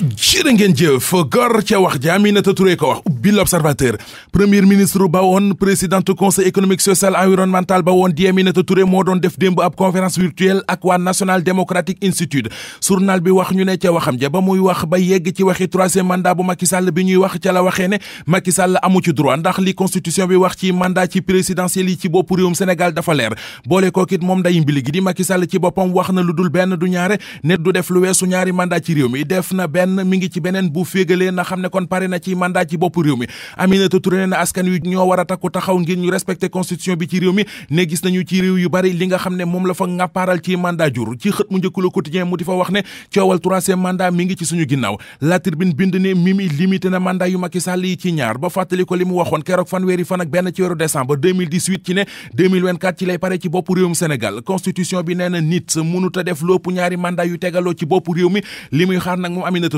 jërë ngeen jëf gor ca wax ja Aminata Touré ko wax ubbi l'observateur premier ministre ba woon présidente conseil économique social environnemental ba woon di Aminata Touré moo doon def démb ab conférence virtuelle ak waa National Democratic Institute journal bi wax ñu ne ca waxam ja ba muy wax ba yegg ci waxi troisième mandat bu Macky Sall bi ñuy wax ca la waxee ne Macky Sall amu ci droit ndax li constitution bi wax ci mandat ci présidentiel yi ci bopp réewum Sénégal dafa leer boole kookit moom nday mbili gi di Macky Sall ci boppam wax na lu dul benn du ñaare ne du def lu weesu ñaari mandat ci réew mi def na benn mi ngi ci beneen bu féegalee na xam ne kon pare na ci mandat ci bopp réew mi Aminata Touré ne askan wi ñoo war a takku taxaw ngir ñu respecté constitution bi ci réew mi ne gis nañu ci réew yu bari li nga xam ne moom la fa ngàppaaral ci mandat jur ci xët mu njëkku Le Quotidien mu di fa wax ne coowal troisième mandat mi ngi ci suñu ginnaaw La Tribune bind ne Mimi limité na mandat yu Macky Sall yi ci ñaar ba fàttali li mu waxoon keroog fanweeri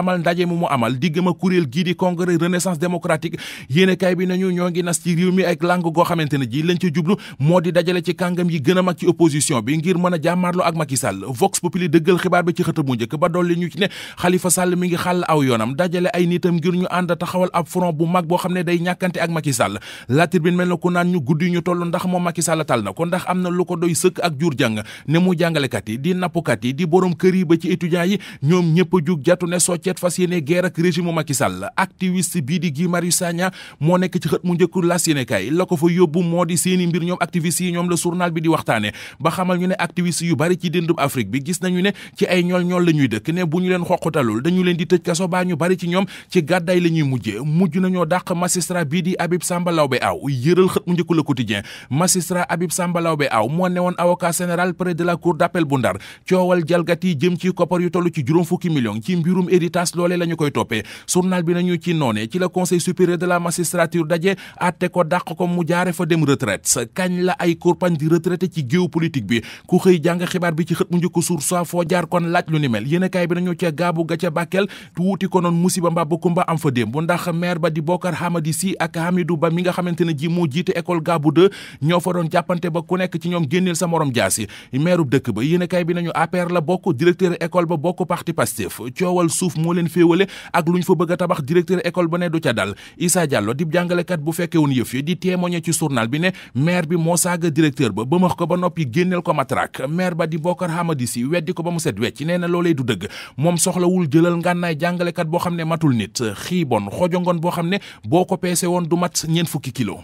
xamal ndaje mu mu amal diggam ak kuréel gii di congrès renaissance démocratique yéenekaay bi nañu ñoo ngi nas ci réew mi ak langue goo xamante ne ji lañ ca jublu moo di dajale ci kàngam yi gën a mag ci opposition bi ngir mën a jàmmaarlu ak Macky Sall Vox Populi dëggal xibaar bi ci xët bu njëkk ba dolli ñu ne Khalifa Sall mi ngi xàll aw yoonam dajale ay nitam ngir ñu ànd taxawal ab front bu mag boo xam ne day ñàkkante ak Macky Sall la tribune mel na ku naan ñu guddi ñu na ko ndax am ko doy sëkk ak jur jàng ne mu jàngalekat yi di nappkat yi di borom yi ba ci étudiants yi ñoom ñëpp a enquête fas yéene guerre ak régime Macky Sall activiste bii di Guy Marius Sagna moo nekk ci xët mu njëkku las yéene kay la ko fa yóbbu moo di seeni mbir ñoom activiste yi ñoom la journal bi di waxtaane ba xamal ñu ne activiste yu bari ci déndub Afrique bi gis nañu ne ci ay ñool ñool la ñuy dëkk ne bu ñu leen xoqutalul dañu leen di tëj kaso baa ñu bari ci ñoom ci gàddaay la ñuy mujje mujj nañoo dàq magistrat bii di Habib Samba Lawbe Aw yëral xët mu njëkku la quotidien magistrat Habib Samba Lawbe Aw moo newoon avocat général près de la cour d'appel bu Ndar coowal jalgati jëm ci koppar yu fukki million ci tas loolee la ñu koy toppee journal bi nañu ci noonee ci la conseil supérieur de la magistrature daje àtte ko dàq ko mu jaare fa dem retraite kañ la ay kurpañ di retraité ci géopolitique bi ku xëy jàng xibaar bi ci xët mu njëkk suur foo jaar kon laaj lu ni mel yéenekaay bi nañu ca gaabu ga ca Bakel tuuti ko noon musiba mbaa kumba am fa démb ndax maire ba di Bokar Hamadi Si ak Hamidou Ba mi nga xamante ne ji moo jiite école gaabu 2 ñoo moo leen féewale ak lu ñu fa bëgg tabax directeur école ba ne du ca dal Issa Diallo di jàngalekat bu fekke woon yëf yi di témoigné ci journal bi ne maire bi moo saaga directeur ba ba max ko ba noppi génneel ko matrak maire ba di Bokar Hamadi si weddi ko ba mu set wecc nee na loolee du dëgg moom soxlawul jëlal ngànnaay jàngalekat boo xam ne matul nit xiibon xojongoon boo xam ne boo ko peese woon du mat ñeent fukki kilo